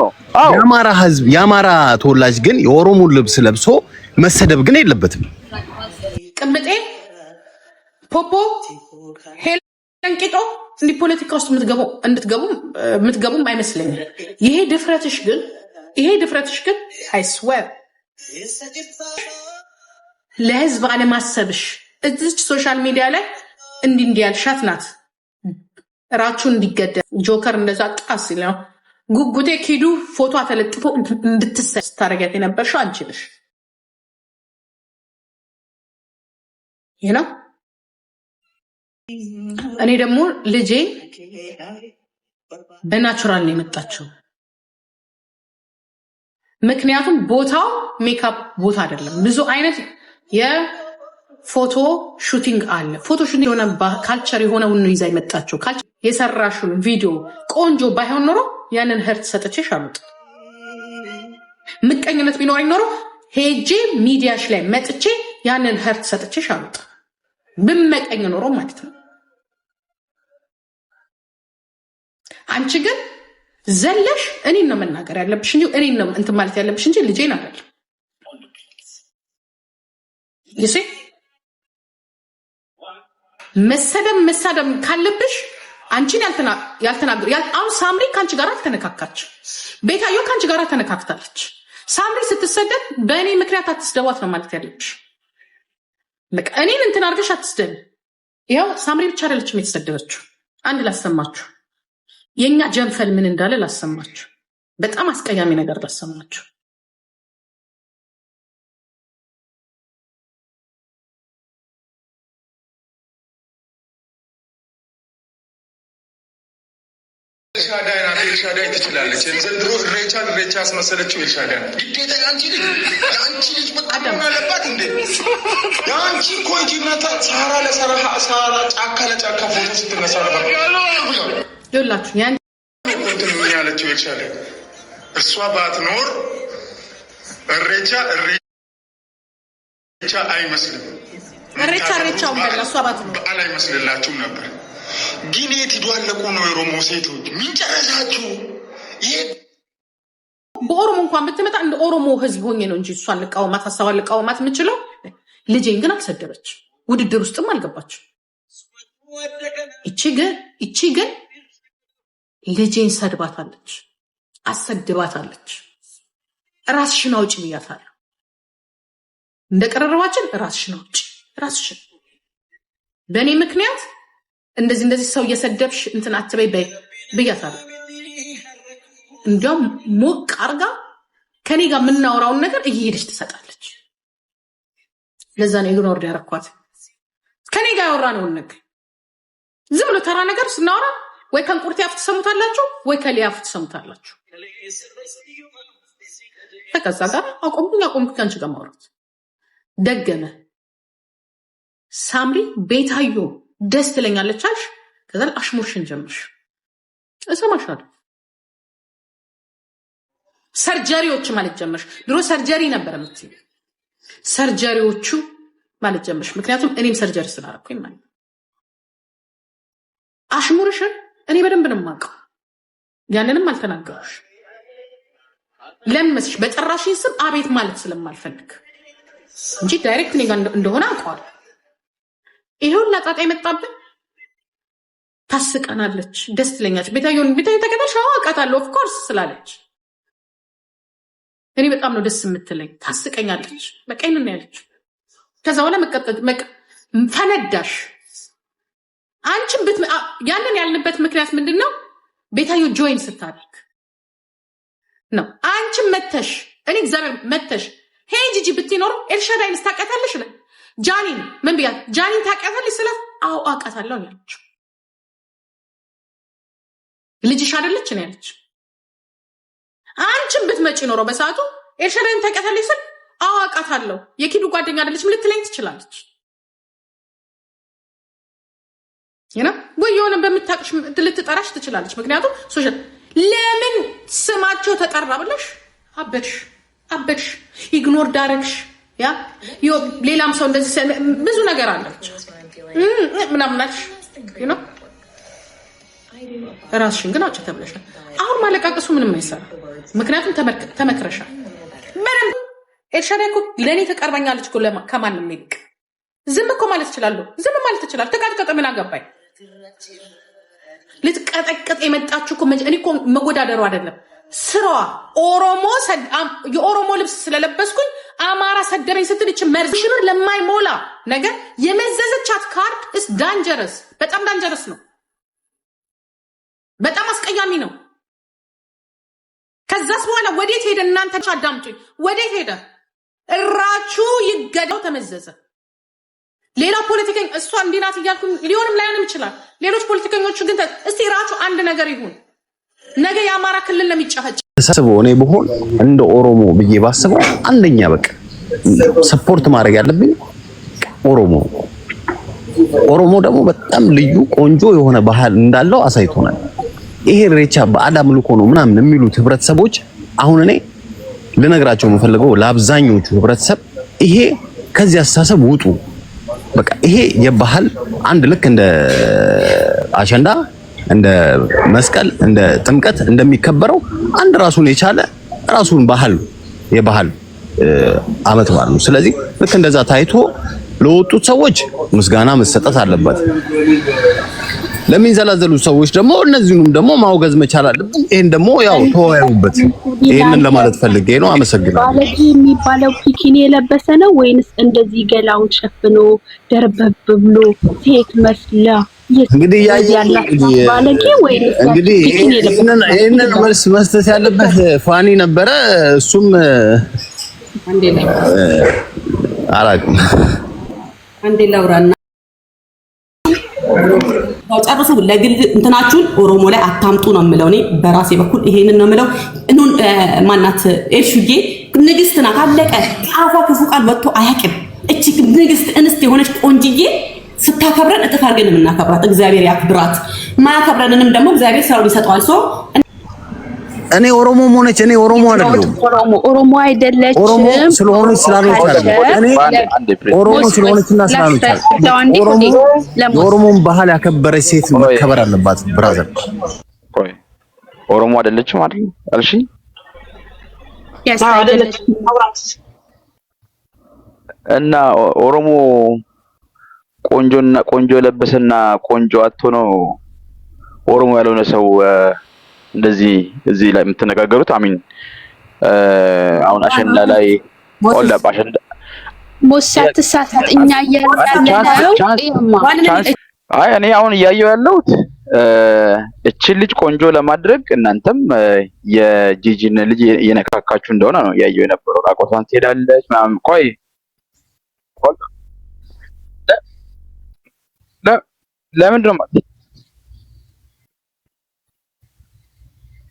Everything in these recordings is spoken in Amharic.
ነው። አዎ የአማራ ህዝብ የአማራ ተወላጅ ግን የኦሮሞን ልብስ ለብሶ መሰደብ ግን የለበትም። ቅምጤ ፖፖ ሄንቂጦ እንዲህ ፖለቲካ ውስጥ እንድትገቡ የምትገቡም አይመስለኝም። ይሄ ድፍረትሽ ግን ይሄ ድፍረትሽ ግን አይስዌር ለህዝብ አለማሰብሽ እዚች ሶሻል ሚዲያ ላይ እንዲህ እንዲህ ያልሻት ናት እራችሁ እንዲገደል ጆከር እንደዛ ቃስ ይለው ጉጉቴ ኪዱ ፎቶ ተለጥፎ እንድትሳይ ስታደርጊያት የነበርሽው አንቺ ነሽ። ይህ ነው። እኔ ደግሞ ልጄ በናቹራል ነው የመጣችው። ምክንያቱም ቦታው ሜካፕ ቦታ አይደለም። ብዙ አይነት የፎቶ ሹቲንግ አለ። ፎቶ ሹቲንግ የሆነ ካልቸር የሆነውን ይዛ የመጣችው የሰራሹን ቪዲዮ ቆንጆ ባይሆን ኖሮ ያንን ህርት ሰጥቼሽ አሉጥ ምቀኝነት ቢኖረኝ ኖሮ ሄጄ ሚዲያሽ ላይ መጥቼ ያንን ህርት ሰጥቼሽ አሉጥ ብመቀኝ ኖሮ ማለት ነው። አንቺ ግን ዘለሽ እኔን ነው መናገር ያለብሽ እንጂ እኔን ነው እንትን ማለት ያለብሽ እንጂ ልጄን አይደለም። ይሴ መሰደም መሳደም ካለብሽ አንቺን ያልተናገሩ አሁን ሳምሪ ከአንቺ ጋር አልተነካካች። ቤታዮ ከአንቺ ጋር ተነካክታለች። ሳምሪ ስትሰደድ በእኔ ምክንያት አትስደዋት ነው ማለት ያለች። እኔን እንትን አድርገሽ አትስደብ። ይኸው ሳምሪ ብቻ አይደለችም የተሰደበችው። አንድ ላሰማችሁ፣ የእኛ ጀንፈል ምን እንዳለ ላሰማችሁ፣ በጣም አስቀያሚ ነገር ላሰማችሁ። ኤልሻዳይ ናት። ኤልሻዳይ ትችላለች። ዘንድሮ እሬቻ ሬቻ ያስመሰለችው ኤልሻዳይ ናት። ግዴታ አንቺ ልጅ አንቺ ልጅ መጣደም አለባት እንዴ? የአንቺ እኮ እንጂነት ሳራ ለሳራ ሳራ ጫካ ለጫካ ፎቶ ስትነሳ ነበር ላችሁ ያን ምን ያለችው ኤልሻዳይ እሷ ባትኖር ሬቻ ሬቻ አይመስልም። ሬቻ እሬቻው በዓል አይመስልላችሁም ነበር ግን የት ይዷለቁ ነው የኦሮሞ ሴቶች? ምን ጨረሳችሁ? በኦሮሞ እንኳን ብትመጣ እንደ ኦሮሞ ህዝብ ሆኜ ነው እንጂ እሷን ልቃወማት ሀሳቧን ልቃወማት የምችለው። ልጄን ግን አልሰደበች፣ ውድድር ውስጥም አልገባች። እቺ ግን ልጄን ሰድባታለች፣ አሰድባታለች። ራስሽን አውጭ ብያታለሁ። እንደ ቀረረባችን ራስሽን አውጭ፣ ራስሽን በእኔ ምክንያት እንደዚህ እንደዚህ ሰው እየሰደብሽ እንትን አትበይ በይ ብያታለሁ። እንዲያውም ሞቅ አርጋ ከኔ ጋር የምናወራውን ነገር እየሄደች ትሰጣለች። ለዛ ነው ኢግኖር ያረኳት። ከኔ ጋር ያወራነውን ነገር ዝም ብሎ ተራ ነገር ስናወራ ወይ ከእንቁርቴ አፍ ትሰሙታላችሁ፣ ወይ ከሌ አፍ ትሰሙታላችሁ። ከዛ ጋር አቆምኩኝ አቆምኩኝ ከአንቺ ጋር ማውራት ደገመ ሳምሪ ቤታዮ ደስ ትለኛለች አልሽ፣ ከዛ አሽሙርሽን ጀምርሽ። እሰማሻለሁ። ሰርጀሪዎች ማለት ጀመርሽ። ድሮ ሰርጀሪ ነበር ምት ሰርጀሪዎቹ ማለት ጀመርሽ። ምክንያቱም እኔም ሰርጀሪ ስላረኩኝ ማለት አሽሙርሽን እኔ በደንብ ነው የማውቀው። ያንንም አልተናገሩሽ። ለምን መስልሽ? በጨራሽኝ ስም አቤት ማለት ስለማልፈልግ እንጂ ዳይሬክት እኔ ጋር እንደሆነ አውቀዋለሁ። ይሄ ሁላ ጣጣ የመጣብን ታስቀናለች፣ ደስ ትለኛለች። ቤታየውን ቤታየ ተቀበልሽ? አዎ አውቃታለሁ ኦፍኮርስ ስላለች እኔ በጣም ነው ደስ የምትለኝ፣ ታስቀኛለች። በቃ ይንን ያለች። ከዛ በኋላ ፈነዳሽ። አንቺን ያንን ያልንበት ምክንያት ምንድን ነው? ቤታዮ ጆይን ስታደርግ ነው። አንቺን መተሽ እኔ እግዚአብሔር መተሽ ሄይ ጂጂ ብትኖሩ ኤልሻዳይን ስታቀታለሽ ነው ጃኒን ምን ብያት? ጃኒን ታውቂያታለሽ ስላት አዎ አውቃታለሁ ያለችው ልጅሽ አይደለች ነው ያለች። አንቺን ብትመጪ ኖሮ በሰዓቱ ኤልሻዳይን ታውቂያታለሽ ስል አዎ አውቃታለሁ የኪዱ ጓደኛ አይደለችም ልትለኝ ትችላለች። ይና ወይ የሆነ በምታቅሽ ልትጠራሽ ትችላለች። ምክንያቱም ሶሻል ለምን ስማቸው ተጠራ ብለሽ አበድሽ አበድሽ፣ ኢግኖር ዳረግሽ ያ ሌላም ሰው እንደዚህ ብዙ ነገር አላቸው ምናምናች ነው። ራስሽን ግን አውጭ ተብለሻል። አሁን ማለቃቀሱ ምንም አይሰራ፣ ምክንያቱም ተመክረሻል። ምንም ኤልሻዳይ ለእኔ ተቀርበኛለች ከማንም ይልቅ። ዝም እኮ ማለት እችላለሁ፣ ዝም ማለት እችላለሁ። ተቃጥቀጥ ምን አገባኝ? ልትቀጠቅጥ የመጣችሁ እኔ እኮ መጎዳደሩ አይደለም ስራዋ ኦሮሞ የኦሮሞ ልብስ ስለለበስኩኝ አማራ ሰደበኝ ስትል ይች መርዝሽኑን ለማይሞላ ነገር የመዘዘቻት ካርድ እስ ዳንጀረስ በጣም ዳንጀረስ ነው። በጣም አስቀያሚ ነው። ከዛስ በኋላ ወዴት ሄደ? እናንተ አዳምጡኝ። ወዴት ሄደ? እራቹ ይገደው ተመዘዘ። ሌላ ፖለቲከኛ እሷ እንዲናት እያልኩ ሊሆንም ላይሆንም ይችላል። ሌሎች ፖለቲከኞቹ ግን እስቲ እራቹ አንድ ነገር ይሁን ነገ የአማራ ክልል ነው የሚጨፈጭ እኔ ብሆን እንደ ኦሮሞ ብዬ ባስበው አንደኛ በቃ ሰፖርት ማድረግ ያለብኝ ኦሮሞ ኦሮሞ ደግሞ በጣም ልዩ ቆንጆ የሆነ ባህል እንዳለው አሳይቶናል። ይሄ ሬቻ በዓል አምልኮ ነው ምናምን የሚሉት ህብረተሰቦች አሁን እኔ ልነግራቸው የምፈልገው ለአብዛኞቹ ህብረተሰብ ይሄ ከዚህ አስተሳሰብ ውጡ። በቃ ይሄ የባህል አንድ ልክ እንደ አሸንዳ እንደ መስቀል እንደ ጥምቀት እንደሚከበረው አንድ ራሱን የቻለ ራሱን ባህል የባህል አመት ማለት ነው። ስለዚህ ልክ እንደዛ ታይቶ ለወጡት ሰዎች ምስጋና መሰጠት አለበት። ለሚንዘላዘሉ ሰዎች ደግሞ እነዚህንም ደግሞ ማውገዝ መቻል አለብን። ይሄን ደግሞ ያው ተወያዩበት። ይሄንን ለማለት ፈልጌ ነው። አመሰግናለሁ። ባለጌ የሚባለው ፒኪኒ የለበሰ ነው ወይንስ እንደዚህ ገላውን ሸፍኖ ደርበብ ብሎ ሴት መስላ እንግዲህ እንግዲህ ይህንን መልስ መስጠት ያለበት ፋኒ ነበረ። እሱም አላውቅም። አንዴ ላውራና ጨርሱ። ለግል እንትናችሁን ኦሮሞ ላይ አታምጡ ነው የምለው። እኔ በራሴ በኩል ይሄንን ነው የምለው። እኑን ማናት ኤልሹዬ ንግስት ናት። አለቀ። ከአፏ ክፉ ቃል ወጥቶ አያውቅም። እቺ ንግስት እንስት የሆነች ቆንጅዬ ስታከብረን እጥፍ አድርገን የምናከብራት እግዚአብሔር ያክብራት። ማያከብረንንም ደግሞ እግዚአብሔር ስራውን ይሰጠዋል። ሶ እኔ ኦሮሞ ሆነች እኔ ኦሮሞ አይደለሁም። ኦሮሞ አይደለች ኦሮሞ ስለሆነች ስላልሆነች እኔ ኦሮሞ ስለሆነችና ስላልሆነች የኦሮሞን ባህል ያከበረች ሴት መከበር አለባት። ብራዘር ኦሮሞ አይደለችም አይደል አልሽኝ? እና ኦሮሞ ቆንጆና ቆንጆ የለበሰና ቆንጆ አትሆኖ ኦሮሞ ያልሆነ ሰው እንደዚህ እዚህ ላይ የምትነጋገሩት። አሚን አሁን አሸንዳ ላይ ወላ አሸንዳ ሞሳት ሳታት እኛ አይ እኔ አሁን እያየው ያለሁት እችን ልጅ ቆንጆ ለማድረግ እናንተም የጂጂን ልጅ እየነካካችሁ እንደሆነ ነው እያየው የነበረው። ራቆቷን ትሄዳለች ምናምን ቆይ ለምንድን ነው ማለት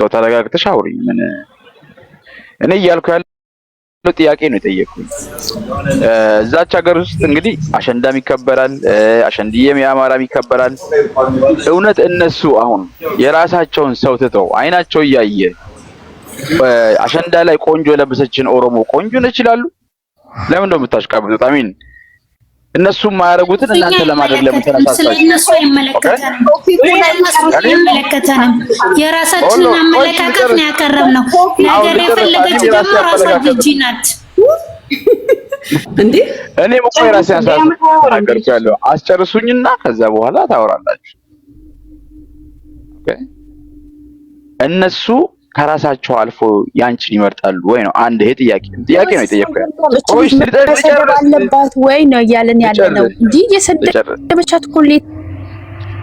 ነው? ተረጋግተሽ ምን እኔ እያልኩ ያለው ጥያቄ ነው የጠየቅኩኝ። እዛች ሀገር ውስጥ እንግዲህ አሸንዳም ይከበራል፣ አሸንድዬም የአማራም ይከበራል። እውነት እነሱ አሁን የራሳቸውን ሰው ትተው አይናቸው እያየ አሸንዳ ላይ ቆንጆ የለበሰችን ኦሮሞ ቆንጆ ነች ይላሉ። ለምን ነው የምታሽቃብጡት? አሚን እነሱ የማያደርጉትን እናንተ ለማድረግ ለምትነሳሳችሁ አይመለከተንም። የራሳችንን አመለካከት ነው ነገር የፈለገችው ደግሞ ራሷ ናት። ተናገርኩ ያለው አስጨርሱኝና ከዛ በኋላ ታወራላችሁ። እነሱ ከራሳቸው አልፎ ያንቺን ይመርጣሉ ወይ ነው አንድ ይሄ ጥያቄ ጥያቄ ነው የጠየኩት ወይ ነው እያለን ያለ ነው እንጂ የሰደበቻት ኮሌት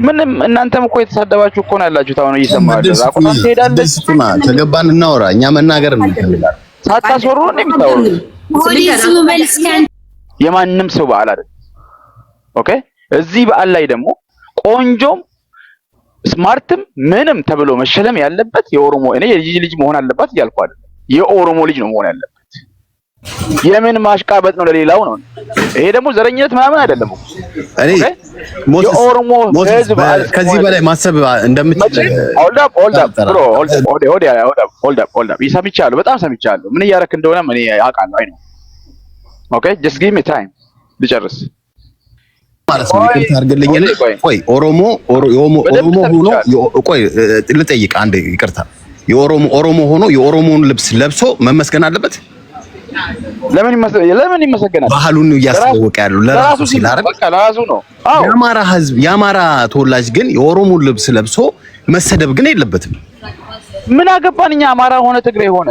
ምንም እናንተም እኮ የተሳደባችሁ እኮ ነው ያላችሁት አሁን እየሰማችሁ አቁና ተገባን እናወራ እኛ መናገር ነው ሳታስወሩ ነው የምታወሩት የማንም ሰው በዓል አይደል ኦኬ እዚህ በዓል ላይ ደግሞ ቆንጆም ስማርትም ምንም ተብሎ መሸለም ያለበት የኦሮሞ እኔ የልጅ ልጅ መሆን አለባት እያልኩ አይደለም። የኦሮሞ ልጅ ነው መሆን ያለበት። የምን ማሽቃበጥ ነው ለሌላው ነው? ይሄ ደግሞ ዘረኝነት ምናምን አይደለም። እኔ የኦሮሞ ህዝብ ከዚህ በላይ ማሰብ እንደምትችል ሆልድ አፕ ሆልድ አፕ ሰምቻለሁ፣ በጣም ሰምቻለሁ። ምን እያደረክ እንደሆነ እኔ አውቃለሁ። አይ ነው ኦኬ ጀስት ጊቭ ሚ ታይም ልጨርስ ማለት ነው። ይቅርታ አድርግልኝ። ቆይ ኦሮሞ ኦሮሞ ሆኖ ቆይ ልጠይቅ አንድ ይቅርታ። የኦሮሞ ኦሮሞ ሆኖ የኦሮሞን ልብስ ለብሶ መመስገን አለበት? ለምን ለምን ይመሰገናል? ባህሉን እያስተዋወቀ ያለው ለራሱ ሲል አይደል? በቃ ለራሱ ነው። የአማራ ህዝብ የአማራ ተወላጅ ግን የኦሮሞን ልብስ ለብሶ መሰደብ ግን የለበትም። ምን አገባን እኛ አማራ ሆነ ትግሬ ሆነ